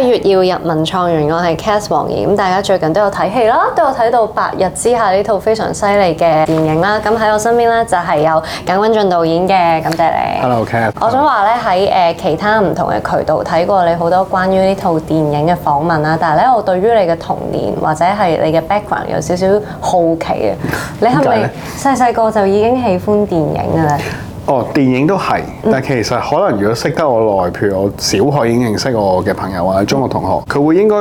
越要入文創園，我係 Cath 黃怡。咁大家最近都有睇戲啦，都有睇到《白日之下》呢套非常犀利嘅電影啦。咁喺我身邊呢，就係有簡君晉導演嘅。感謝你。Hello，Kath。我想話呢，喺誒其他唔同嘅渠道睇過你好多關於呢套電影嘅訪問啦。但係呢，我對於你嘅童年或者係你嘅 background 有少少好奇啊。你係咪細細個就已經喜歡電影㗎啦？哦，電影都係，但其實可能如果識得我耐，譬如我小學已經認識我嘅朋友或者中學同學，佢會應該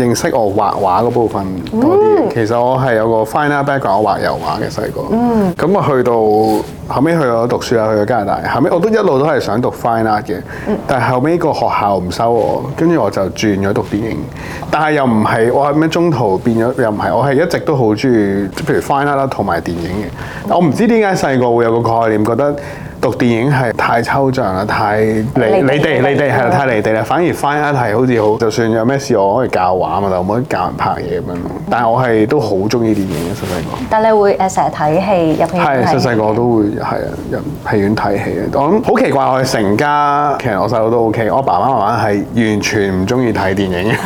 認識我畫畫嗰部分多啲。嗯，其實我係有個 fine art background，我畫油畫嘅細個。嗯，咁我去到後尾，去咗讀書啊，去咗加拿大，後尾我都一路都係想讀 fine art 嘅，但係後尾個學校唔收我，跟住我就轉咗讀電影。但係又唔係，我係咩？中途變咗又唔係，我係一直都好中意，即譬如 fine art 啦同埋電影嘅。我唔知點解細個會有個概念覺得。讀電影係太抽象啦，太離你哋，你哋係太離地啦。反而 fine art 係好似好，就算有咩事我可以教畫啊嘛，可唔可以教人拍嘢咁樣？但係我係都好中意電影嘅，細細個。但係你會誒成日睇戲入戲院睇戲？係細細個都會係啊入戲院睇戲。我諗好奇怪，我成家其實我細佬都 OK，我爸爸媽媽係完全唔中意睇電影嘅，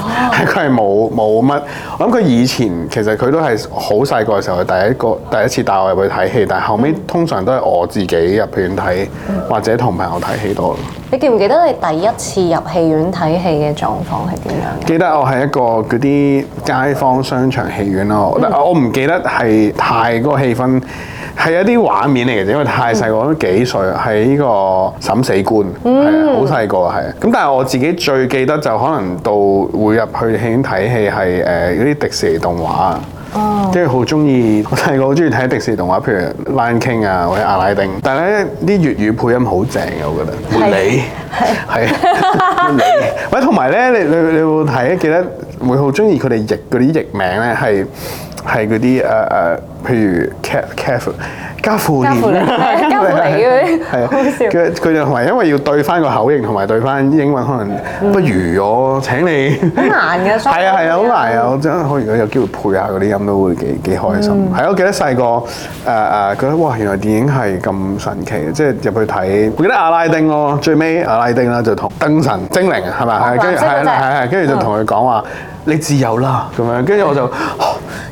佢係冇冇乜。我諗佢以前其實佢都係好細個時候嘅第一個第一次帶我入去睇戲，但係後尾通常都係我自己入戲院睇。睇或者同朋友睇戲多。你記唔記得你第一次入戲院睇戲嘅狀況係點樣？記得我係一個嗰啲街坊商場戲院咯，嗯、我唔記得係太嗰個氣氛，係一啲畫面嚟嘅。因為太細個、嗯、都幾歲，係呢個審死官，係啊，好細個係。咁但係我自己最記得就可能到會入去戲院睇戲係誒嗰啲迪士尼動畫。跟住好鍾意，我細個好鍾意睇迪士尼動畫，譬如、啊《Lion King》啊或者《阿拉丁》但呢，但係咧啲粵語配音好正啊，我覺得。係係。係。係。喂，同埋咧，你你你會睇記得會好鍾意佢哋譯嗰啲譯名咧，係係嗰啲誒誒。呃呃譬如 cat cafe，加副連啊，加肥佢，係啊，佢佢就同埋，因為要對翻個口型同埋對翻英文，可能不如我請你。好難嘅，係啊係啊，好難啊！我真係如果有機會配下嗰啲音都會幾幾開心。係，我記得細個誒誒，覺得哇，原來電影係咁神奇，即係入去睇。我記得阿拉丁咯，最尾阿拉丁啦就同燈神精靈係咪？跟住係啊係啊，跟住就同佢講話：你自由啦咁樣。跟住我就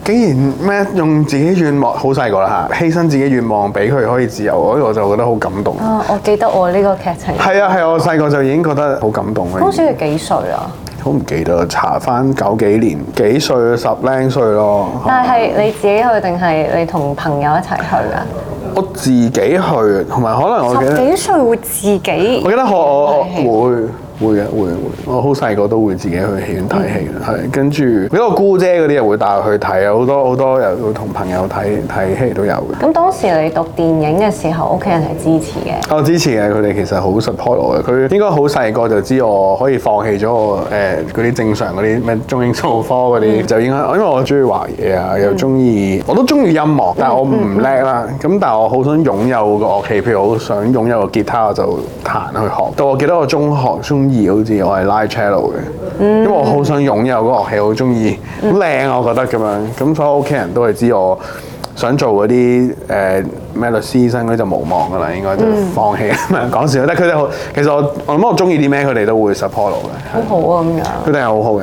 竟然咩用自己？願望好細個啦嚇，犧牲自己願望俾佢可以自由，我就覺得好感動。哦、啊，我記得我呢個劇情。係啊係啊，我細個就已經覺得好感動。當時係幾歲啊？好唔記得，查返九幾年幾歲，十零歲咯。但係你自己去定係你同朋友一齊去啊？我自己去，同埋可能我記得十幾歲會自己。我記得我我會。會嘅會會，我好細個都會自己去戲院睇戲嘅，跟住如果姑姐嗰啲又會帶我去睇啊，好多好多又會同朋友睇睇戲都有嘅。咁當時你讀電影嘅時候，屋企人係支持嘅？我、哦、支持嘅，佢哋其實好 support 我嘅。佢應該好細個就知我可以放棄咗我誒嗰啲正常嗰啲咩中英數科嗰啲，嗯、就應該因為我中意畫嘢啊，又中意、嗯、我都中意音樂，嗯、但係我唔叻啦。咁、嗯嗯、但係我好想擁有個樂器，譬如我好想擁有個吉他，我就彈去學。到我記得我中學中意好似我係拉 cello 嘅，因為我好想擁有嗰樂器，好中意，靚我覺得咁樣。咁所有屋企人都係知我想做嗰啲誒咩律師生嗰啲就無望噶啦，應該就放棄啊嘛。講笑，但係佢哋好，其實我我諗我中意啲咩，佢哋都會 support 嘅。好好啊，咁是這樣。佢哋係好好嘅。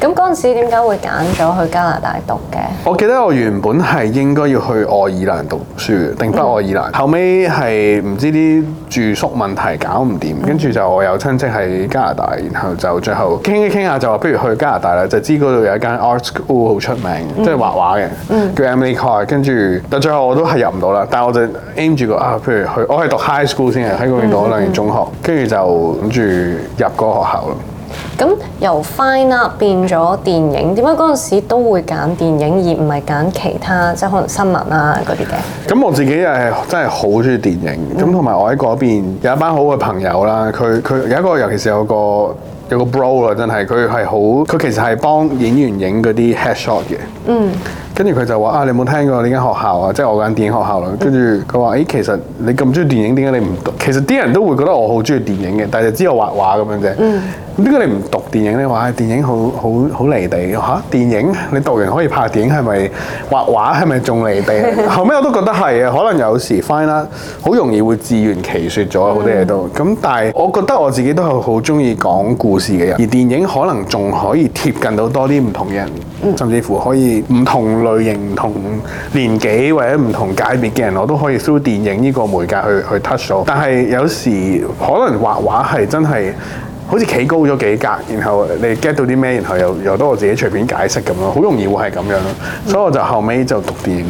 咁嗰陣時點解會揀咗去加拿大讀嘅？我記得我原本係應該要去愛爾蘭讀書定北愛爾蘭，嗯、後尾係唔知啲住宿問題搞唔掂，跟住、嗯、就我有親戚喺加拿大，然後就最後傾一傾下就話不如去加拿大啦，就知嗰度有一間 art school 好出名，即係、嗯、畫畫嘅，嗯、叫 Emily Carr。跟住但最後我都係入唔到啦，但我就 aim 住個啊，譬如去我係讀 high school 先嘅，喺嗰邊讀兩年中學，跟住、嗯嗯、就諗住入嗰個學校咯。咁由 fine art 變咗電影，點解嗰陣時都會揀電影而唔係揀其他，即係可能新聞啊嗰啲嘅？咁我自己係真係好中意電影，咁同埋我喺嗰邊有一班好嘅朋友啦。佢佢有一個，尤其是有個有個 bro 啊，真係佢係好，佢其實係幫演員影嗰啲 head shot 嘅。嗯。跟住佢就話啊，你有冇聽過呢間學校啊？即係我間電影學校啦。跟住佢話，誒、欸，其實你咁中意電影，點解你唔讀？其實啲人都會覺得我好中意電影嘅，但係只係畫畫咁樣啫。嗯。點解你唔讀電影咧？哇，電影好好好離地嘅嚇、啊。電影你讀完可以拍電影，係咪畫畫係咪仲離地？ 後尾我都覺得係啊，可能有時 fine 好容易會自圓其説咗好多嘢都。咁、嗯、但係我覺得我自己都係好中意講故事嘅人，而電影可能仲可以貼近到多啲唔同嘅人。甚至乎可以唔同類型、唔同年紀或者唔同界別嘅人，我都可以 through 電影呢個媒介去去 touch 到。但係有時可能畫畫係真係好似企高咗幾格，然後你 get 到啲咩，然後又又由得我自己隨便解釋咁咯。好容易會係咁樣，所以我就後尾就讀電影。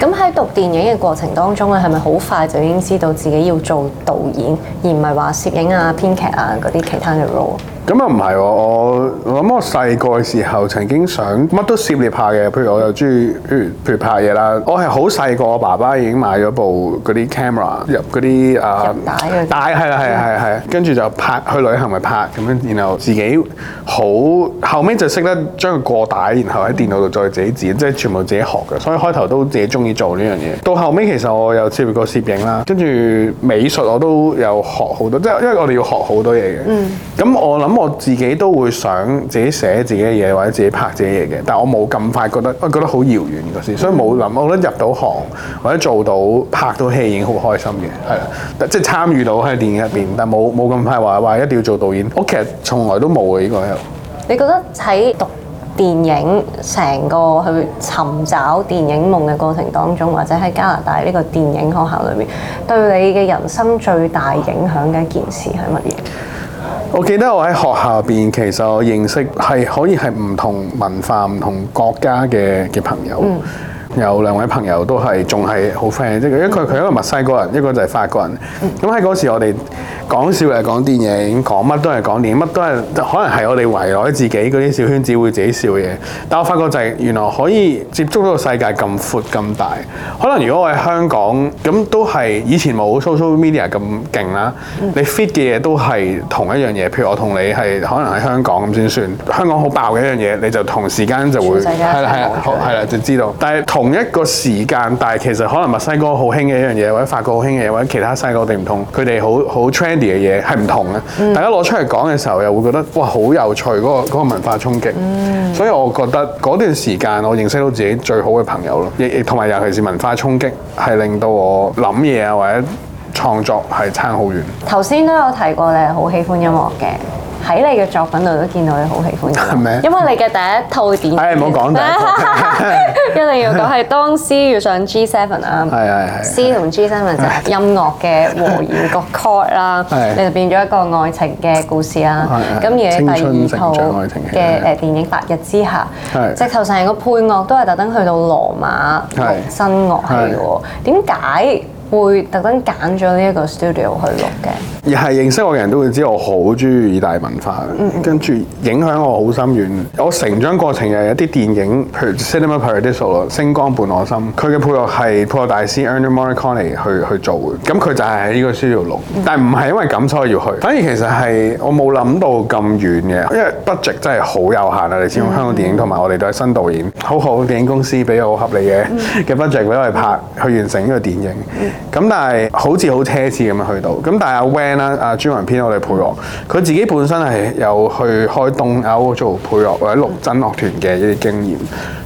咁喺、嗯、讀電影嘅過程當中咧，係咪好快就已經知道自己要做導演，而唔係話攝影啊、編劇啊嗰啲其他嘅 role？咁啊，唔係，我我我諗我細個嘅時候曾經想乜都涉獵下嘅，譬如我又中意譬如拍嘢啦。我係好細個，我爸爸已經買咗部嗰啲 camera 入嗰啲啊帶啊，帶係啦係啦，跟住就拍，去旅行咪拍咁樣，然後自己好後尾就識得將佢過帶，然後喺電腦度再自己剪，即係全部自己學嘅。所以開頭都自己中意做呢樣嘢。到後尾其實我又涉過攝影啦，跟住美術我都有學好多，即係因為我哋要學好多嘢嘅。嗯，咁我諗。我自己都會想自己寫自己嘅嘢，或者自己拍自己嘢嘅。但我冇咁快覺得，我覺得好遙遠嘅事，所以冇諗。我覺得入到行或者做到拍到戲已經好開心嘅，係即係參與到喺電影入邊，但冇冇咁快話話一定要做導演。我其實從來都冇嘅呢個。喺度你覺得喺讀電影成個去尋找電影夢嘅過程當中，或者喺加拿大呢個電影學校裏面，對你嘅人生最大影響嘅一件事係乜嘢？我記得我喺學校邊，其實我認識係可以係唔同文化、唔同國家嘅嘅朋友。嗯有兩位朋友都係仲係好 friend，即係一佢佢一個墨西哥人，一個就係法國人。咁喺嗰時我哋講笑又講電影，講乜都係講電影，乜都係可能係我哋圍內自己嗰啲小圈子會自己笑嘅嘢。但我發覺就係、係、原來可以接觸到世界咁闊咁大。可能如果我喺香港咁，都係以前冇 social media 咁勁啦。嗯、你 fit 嘅嘢都係同一樣嘢。譬如我同你係可能喺香港咁先算，香港好爆嘅一樣嘢，你就同時間就會係啦係啦，係啦就知道。但係同同一個時間，但係其實可能墨西哥好興嘅一樣嘢，或者法國好興嘅嘢，或者其他西亞嗰地唔同，佢哋好好 trendy 嘅嘢係唔同嘅。嗯、大家攞出嚟講嘅時候，又會覺得哇，好有趣嗰、嗰個嗰個文化衝擊。嗯、所以我覺得嗰段時間，我認識到自己最好嘅朋友咯。亦亦同埋尤其是文化衝擊係令到我諗嘢啊，或者。創作係差好遠。頭先都有提過，你好喜歡音樂嘅，喺你嘅作品度都見到你好喜歡音樂。因為你嘅第一套電影，誒唔好講一定要講係當 C 遇上 G Seven 啊，係係係。C 同 G Seven 就係音樂嘅和弦個 chord 啦，你就變咗一個愛情嘅故事啦。咁而第二套嘅誒電影《白日之下》，直頭成個配樂都係特登去到羅馬新樂嚟嘅喎，點解？會特登揀咗呢一個 studio 去錄嘅，而係認識我嘅人都會知道我好中意意大文化，mm hmm. 跟住影響我好深遠。我成長過程又有啲電影，譬如《Cinema Paradiso》咯，《星光伴我心》，佢嘅配樂係配樂大師 Ennio Morricone 去去做嘅。咁佢就係喺呢個 studio 錄，但唔係因為咁所以要去，反而其實係我冇諗到咁遠嘅，因為 budget 真係好有限啊。你知香港電影同埋、mm hmm. 我哋都係新導演，好好嘅電影公司俾我合理嘅嘅 budget 俾我哋拍，去完成呢個電影。咁但係好似好奢侈咁樣去到，咁但係阿 Wan 啦，阿、啊、專門編、啊、我哋配樂，佢自己本身係有去開東歐做配樂或者錄真樂團嘅一啲經驗，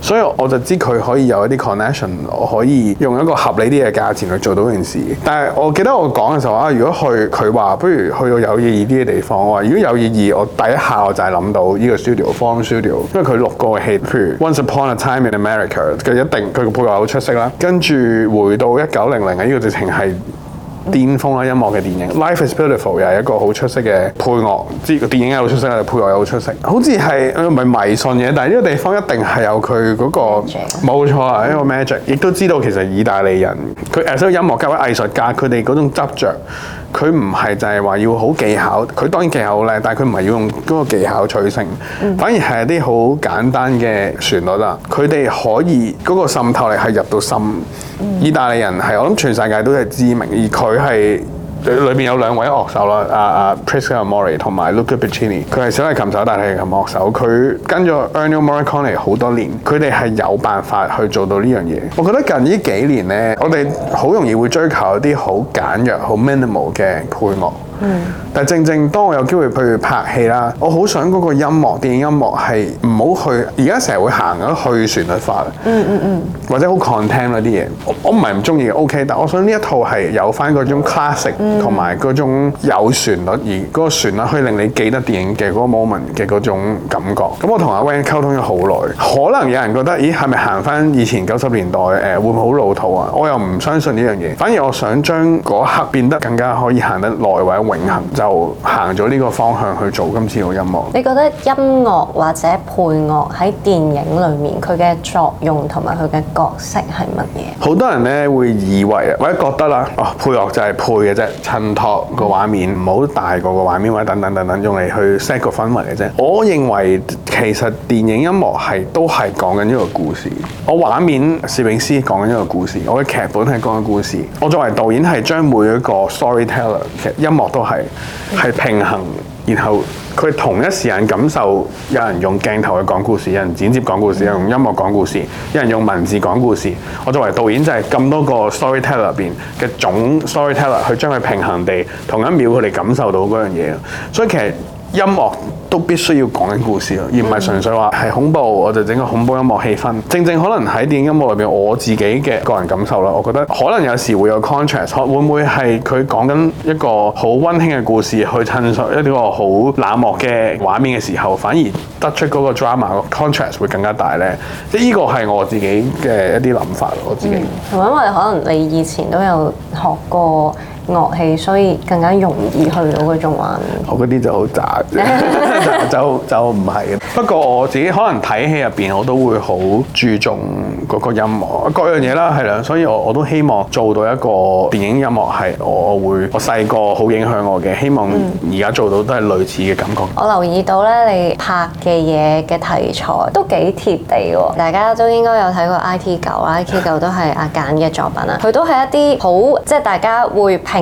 所以我就知佢可以有一啲 connection，可以用一個合理啲嘅價錢去做到件事。但係我記得我講嘅時候啊，如果去佢話不如去到有意義啲嘅地方，我話如果有意義，我第一下我就係諗到呢個 studio，Forum Studio，因為佢錄過戲，譬如 Once Upon a Time in America，佢一定佢嘅配樂好出色啦。跟住回到一九零零嘅呢個。直情係巔峰啦！音樂嘅電影《Life Is Beautiful》又係一個好出色嘅配樂，即個電影又好出色，配樂又好出色。好似係唔係迷信嘅，但係呢個地方一定係有佢嗰、個冇、嗯、錯啊！一個 magic，亦都知道其實意大利人佢誒所有音樂家、藝術家，佢哋嗰種執著。佢唔係就係話要好技巧，佢當然技巧好靚，但係佢唔係要用嗰個技巧取勝，嗯、反而係一啲好簡單嘅旋律啦。佢哋可以嗰、嗰個滲透力係入到心。嗯、意大利人係我諗全世界都係知名，而佢係。裏面有兩位樂手啦，阿、uh, 阿、uh, Priscilla Mori 同埋 Luca Piccini 佢係小提琴手，大提琴樂手，佢跟咗 Ennio Morricone 好多年，佢哋係有辦法去做到呢樣嘢。我覺得近呢幾年呢，我哋好容易會追求一啲好簡約、好 minimal 嘅配樂。嗯，但係正正當我有機會譬如拍戲啦，我好想嗰個音樂電影音樂係唔好去，而家成日會行咗去旋律化，嗯嗯嗯，或者好 content 啲嘢，我我唔係唔中意，O K，但我想呢一套係有翻嗰種 classic 同埋嗰種有旋律而嗰個旋律可以令你記得電影嘅嗰個 moment 嘅嗰種感覺。咁我同阿 Vin 溝通咗好耐，可能有人覺得咦係咪行翻以前九十年代誒會唔會好老套啊？我又唔相信呢樣嘢，反而我想將嗰刻變得更加可以行得耐位。或者永恆就行咗呢個方向去做今次個音樂，你覺得音樂或者配樂喺電影裏面佢嘅作用同埋佢嘅角色係乜嘢？好多人咧會以為或者覺得啦，哦、啊，配樂就係配嘅啫，襯托個畫面，唔好大過個畫面或者等等等等，用嚟去 set 個氛圍嘅啫。我認為其實電影音樂係都係講緊呢個故事。我畫面攝影師講緊呢個故事，我嘅劇本係講緊故事。我作為導演係將每一個 storyteller 嘅音樂都。係係平衡，然後佢同一時間感受，有人用鏡頭去講故事，有人剪接講故事，有人用音樂講故事，有人用文字講故事。我作為導演就係咁多個 storyteller 入邊嘅總 storyteller 去將佢平衡地同一秒佢哋感受到嗰樣嘢，所以其實。音樂都必須要講緊故事而唔係純粹話係恐怖，我就整個恐怖音樂氣氛。正正可能喺電影音樂裏邊，我自己嘅個人感受啦，我覺得可能有時會有 contrast，會唔會係佢講緊一個好温馨嘅故事，去襯上一啲個好冷漠嘅畫面嘅時候，反而得出嗰個 drama contrast 會更加大呢？即係呢個係我自己嘅一啲諗法，我自己。同埋、嗯、因為可能你以前都有學過。樂器，所以更加容易去到嗰種玩。我嗰啲就好渣， 就就唔係嘅。不過我自己可能睇戲入邊，我都會好注重嗰個音樂各樣嘢啦，係啦、嗯。所以我我都希望做到一個電影音樂係，我會我細個好影響我嘅，希望而家做到都係類似嘅感覺。嗯、我留意到咧，你拍嘅嘢嘅題材都幾貼地喎。大家都應該有睇過《I T 狗》啦，《I T 狗》都係阿簡嘅作品啦。佢都係一啲好即係大家會評。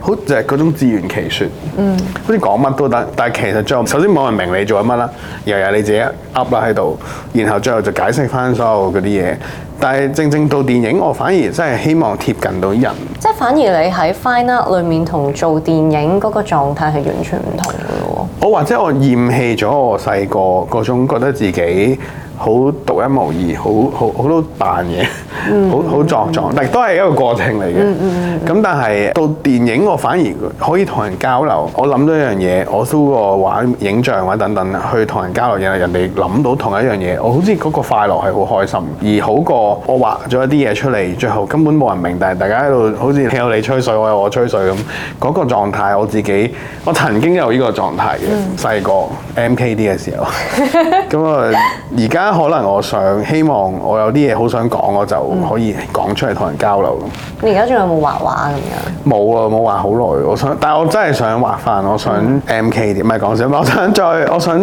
好就係嗰種自圓其說，嗯、好似講乜都得，但係其實最後首先冇人明你做緊乜啦，又係你自己噏啦喺度，然後最後就解釋翻所有嗰啲嘢。但係正正到電影，我反而真係希望貼近到人，即係反而你喺 fine art 裏面同做電影嗰個狀態係完全唔同嘅。我或者我嫌棄咗我細個嗰種覺得自己，好獨一無二，好好好多扮嘢，好好撞撞，但係都係一個過程嚟嘅。咁 但係到電影，我反而可以同人交流。我諗到一樣嘢，我 SHOW 過畫影像、畫等等去同人交流，然後人哋諗到同一樣嘢，我好似嗰個快樂係好開心，而好過我畫咗一啲嘢出嚟，最後根本冇人明，但係大家喺度好似聽到你吹水，我有我吹水咁、嗰個狀態，我自己我曾經有呢個狀態嘅，細個 M K D 嘅時候。咁啊，而家。可能我想希望我有啲嘢好想講，我就可以講出嚟同人交流。嗯。你而家仲有冇畫畫咁樣？冇啊，冇畫好耐。我想，但係我真係想畫翻。我想 MK 啲，唔係講笑。我想再，我想。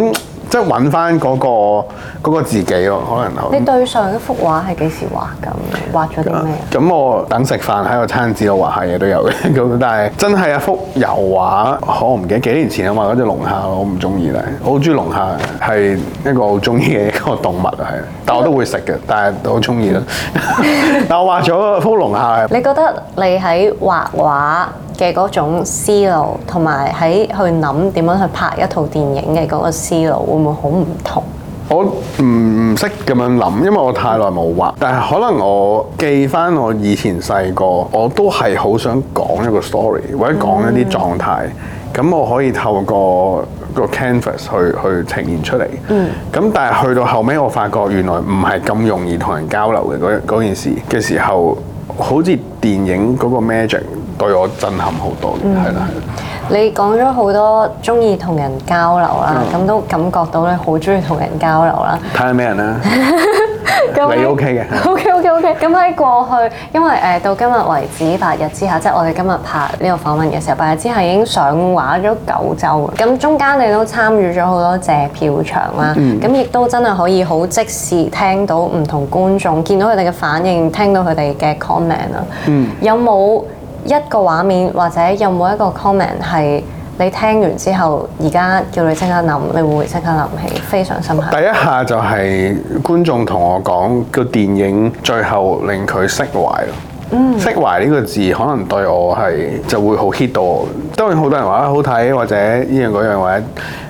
即係揾翻嗰個自己咯，可能你對上一幅畫係幾時畫嘅？畫咗啲咩？咁、嗯、我等食飯喺個餐紙度畫下嘢都有嘅。咁 但係真係一幅油畫，哦、我唔記得幾年前啊畫嗰隻龍蝦，我唔中意啦。我好中意龍蝦，係一個好中意嘅一個動物啊，但我都會食嘅。這個，但係都好中意咯。 但我畫咗幅龍蝦 你覺得你喺畫畫嘅嗰種思路，同埋喺去諗點樣去拍一套電影嘅嗰個思路，會唔會好唔同？我唔唔識咁樣諗，因為我太耐冇畫，但係可能我記翻我以前細個我都係好想講一個 story，或者講一啲狀態，咁、嗯、我可以透過個 canvas 去去呈現出嚟。嗯。咁但係去到後尾我發覺原來唔係咁容易同人交流嘅嗰嗰件事嘅時候，好似電影嗰個 magic。對我震撼好多。係啦，你講咗好多中意同人交流啦，咁都、嗯、感覺到你好中意同人交流啦。睇下咩人啦， 你 OK 嘅。OK OK OK。咁喺過去，因為誒到今日為止白日之下，即係我哋今日拍呢個訪問嘅時候，白日之下已經上畫咗九週。咁中間你都參與咗好多謝票場啦，咁亦都真係可以好即時聽到唔同觀眾見到佢哋嘅反應，聽到佢哋嘅 comment 啊。嗯、有冇一個畫面或者有冇一個 comment 係你聽完之後，而家叫你即刻諗，你會即刻諗起非常深刻。第一下就係觀眾同我講個電影最後令佢釋懷咯。嗯，釋懷呢個字可能對我係就會好 hit 到我。當然好多人話好睇或者呢樣嗰樣或者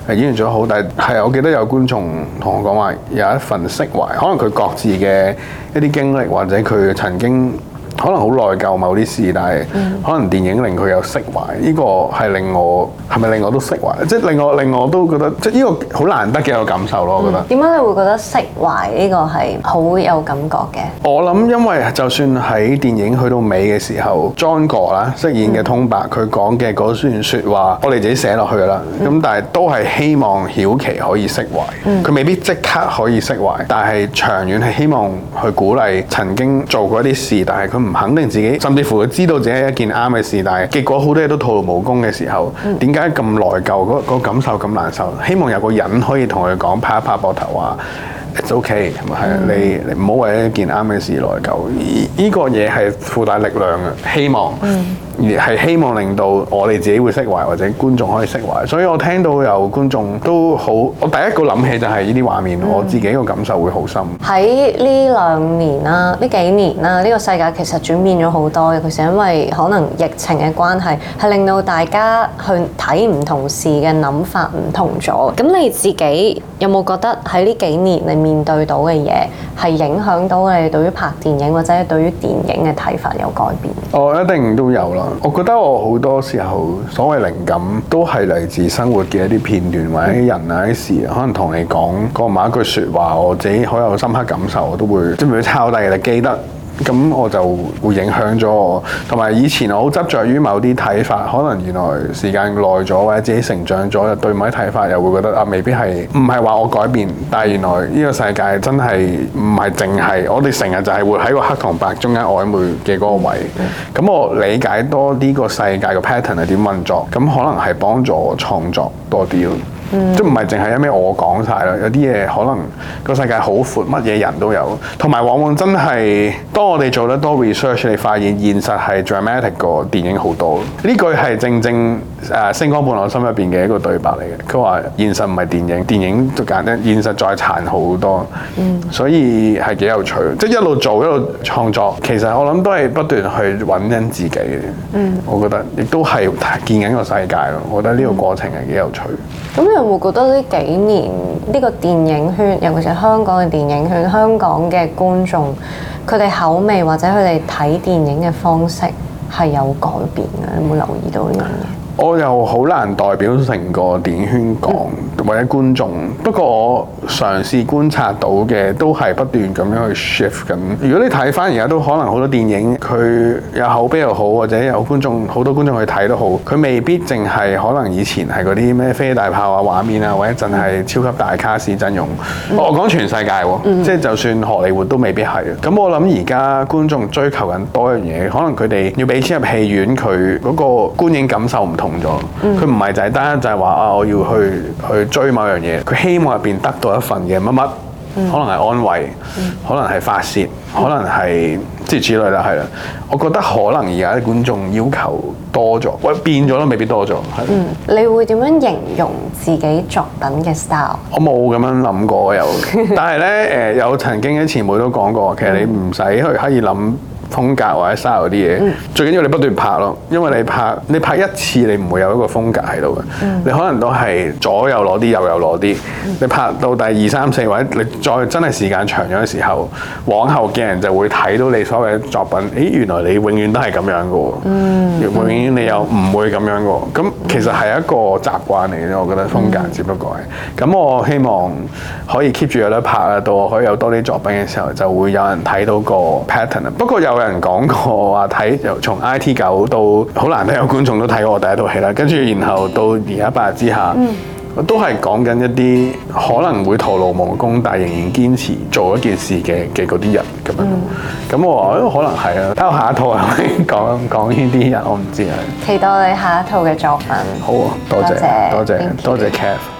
演員做得好，但係我記得有觀眾同我講話有一份釋懷，可能佢各自嘅一啲經歷或者佢曾經。可能好內疚某啲事，但係可能電影令佢有釋懷，呢、呢個係令我係咪令我都釋懷？即係令我令我都覺得，即係呢個好難得嘅有感受咯。嗯、我覺得點解你會覺得釋懷呢個係好有感覺嘅？我諗，因為就算喺電影去到尾嘅時候 John 哥啦飾演嘅通伯，佢講嘅嗰段説話，我哋自己寫落去啦。咁、嗯、但係都係希望曉琪可以釋懷，佢、嗯、未必即刻可以釋懷，但係長遠係希望去鼓勵曾經做過一啲事，但係佢唔肯定自己，甚至乎佢知道自己係一件啱嘅事，但係結果好多嘢都徒勞無功嘅時候，點解咁內疚？嗰嗰感受咁難受？希望有個人可以同佢講，拍一拍膊頭話，It's okay，嗯，係你你唔好為一件啱嘅事內疚，呢個嘢係附帶力量嘅希望。嗯而係希望令到我哋自己會釋懷，或者觀眾可以釋懷。所以我聽到有觀眾都好，我第一個諗起就係呢啲畫面，嗯、我自己嘅感受會好深。喺呢兩年啦，呢幾年啦，呢個世界其實轉變咗好多嘅。其實因為可能疫情嘅關係，係令到大家去睇唔同事嘅諗法唔同咗。咁你自己有冇覺得喺呢幾年你面對到嘅嘢係影響到你對於拍電影或者係對於電影嘅睇法有改變？哦，一定都有啦。我覺得我好多時候所謂靈感都係來自生活嘅一啲片段，或者人啊、啲事可能同你講過某一句説話，我自己好有深刻感受，我都會準備抄低你記得。咁我就會影響咗我，同埋以前我好執着於某啲睇法，可能原來時間耐咗或者自己成長咗，又對某啲睇法又會覺得啊未必係，唔係話我改變，但係原來呢個世界真係唔係淨係我哋成日就係活喺個黑同白中間曖昧嘅嗰個位。咁、嗯嗯、我理解多啲個世界嘅 pattern 係點運作，咁可能係幫助我創作多啲咯。即唔係淨係因為我講晒啦，有啲嘢可能個世界好闊，乜嘢人都有，同埋往往真係當我哋做得多 research，你發現現實係 dramatic 過電影好多。呢句係正正。誒《星光伴我心入邊》嘅一個對白嚟嘅，佢話現實唔係電影，電影都簡單，現實再殘酷好多，嗯、所以係幾有趣。即係一路做一路創作，其實我諗都係不斷去揾緊自己。嗯我，我覺得亦都係見緊個世界咯。我覺得呢個過程係幾有趣。咁、嗯、你有冇覺得呢幾年呢、呢個電影圈，尤其是香港嘅電影圈，香港嘅觀眾佢哋口味或者佢哋睇電影嘅方式係有改變嘅？有冇留意到呢樣嘢？嗯我又好難代表成個電影圈講或者觀眾，不過我嘗試觀察到嘅都係不斷咁樣去 shift 緊。如果你睇返而家都可能好多電影，佢有口碑又好，或者有觀眾好多觀眾去睇都好，佢未必淨係可能以前係嗰啲咩飛大炮啊、畫面啊，或者淨係超級大卡士陣容。嗯、我講全世界喎，嗯、即係就算荷里活都未必係。咁我諗而家觀眾追求緊多樣嘢，可能佢哋要俾錢入戲院，佢嗰個觀影感受唔同。咗，佢唔係就係單一就係話啊，我要去去追某樣嘢，佢希望入邊得到一份嘅乜乜，嗯、可能係安慰，嗯、可能係發泄，嗯、可能係即係此類啦，係啦。我覺得可能而家啲觀眾要求多咗，喂變咗都未必多咗。嗯，你會點樣形容自己作品嘅 style？我冇咁樣諗過，我有。 但係咧，誒有曾經啲前輩都講過，其實你唔使去刻意諗。風格或者 style 啲嘢，mm. 最緊要你不斷拍咯，因為你拍你拍一次你唔會有一個風格喺度嘅，mm. 你可能都係左右攞啲，右右攞啲，你拍到第二三四或者你再真係時間長咗嘅時候，往後嘅人就會睇到你所謂嘅作品，誒原來你永遠都係咁樣嘅喎，mm. 永遠你又唔會咁樣嘅喎，咁其實係一個習慣嚟嘅，我覺得風格只不過係，咁我希望可以 keep 住有得拍啊，到我可以有多啲作品嘅時候，就會有人睇到個 pattern。不過又～有人講過話睇由從 I T 狗到好難睇，有觀眾都睇過我第一套戲啦。跟住然後到而家白日之下，嗯、都係講緊一啲可能會徒勞無功，嗯、但仍然堅持做一件事嘅嘅嗰啲人咁、嗯、樣。咁、嗯、我話可能係啊。睇下下一套啊，講講呢啲人，我唔知啊。期待你下一套嘅作品。好啊，多謝多謝多謝 Cath。